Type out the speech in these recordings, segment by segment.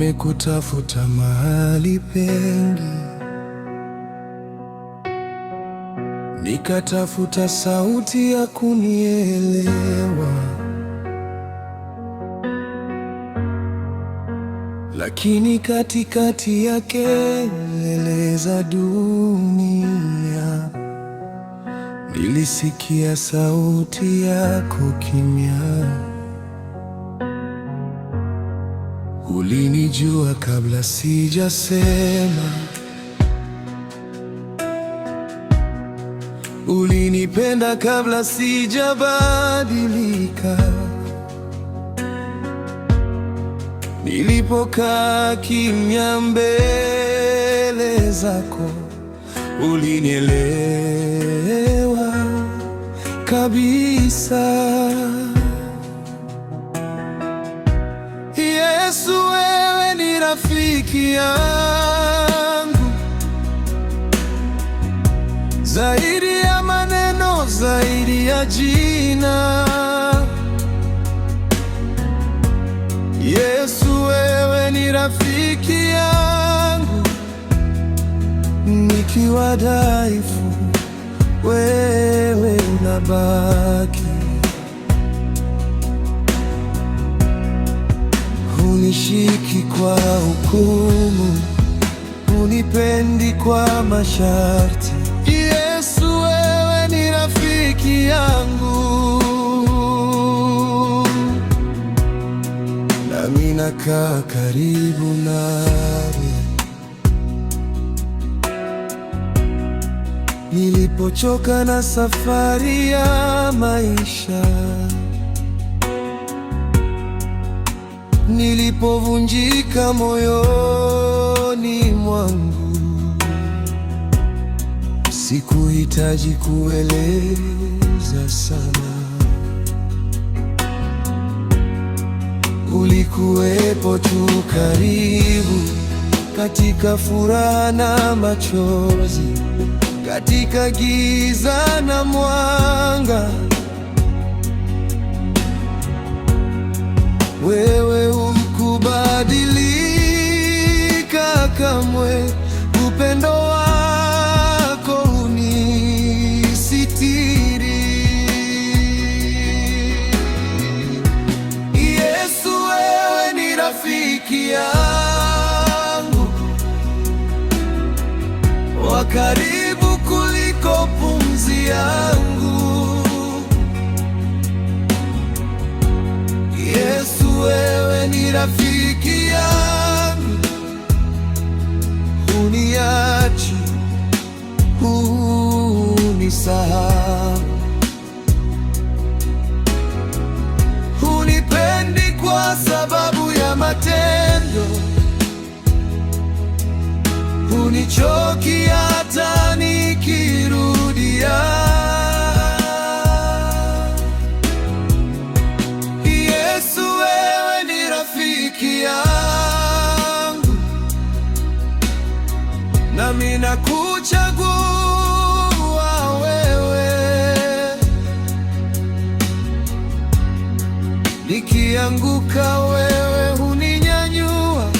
nimekutafuta mahali pengi, nikatafuta sauti ya kunielewa, lakini katikati ya kelele za dunia nilisikia sauti yako kimya. Ulinijua kabla sijasema, ulinipenda kabla sijabadilika. Nilipokaa kimya mbele zako, ulinielewa kabisa. rafiki yangu zaidi ya maneno, zaidi ya jina. Yesu, wewe ni rafiki yangu nikiwa dhaifu, wewe unabaki hukumu, unipendi kwa masharti. Yesu, wewe ni rafiki yangu, nami nakaa karibu nawe. Nilipochoka na safari ya maisha nilipovunjika moyoni mwangu, sikuhitaji kueleza sana, ulikuwepo tu karibu, katika furaha na machozi, katika giza na mwanga wewe Dile wewe ni rafiki yangu, huniachi, hunisahau, hunipendi kwa sababu ya matendo, hunichoki Nikianguka wewe huninyanyua,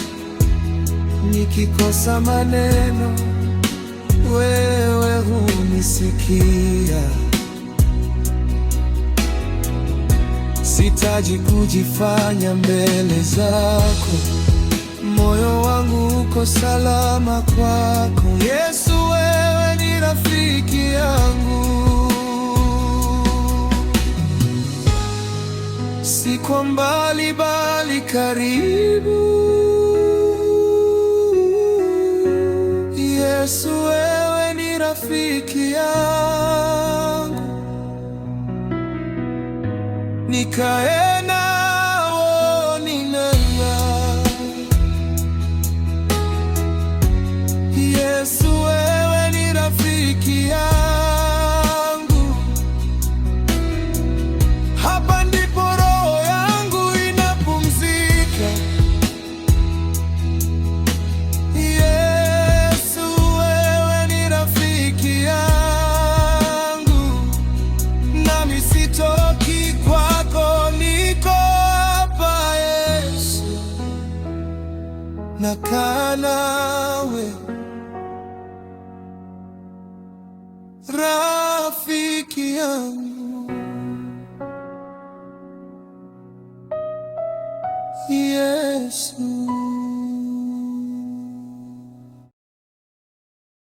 nikikosa maneno wewe hunisikia. Sitaji kujifanya mbele zako, moyo wangu uko salama kwako. Yesu, wewe ni rafiki yangu. si kwa mbali bali karibu. Yesu, wewe ni rafiki yangu nikae nakaa nawe, rafiki yangu Yesu.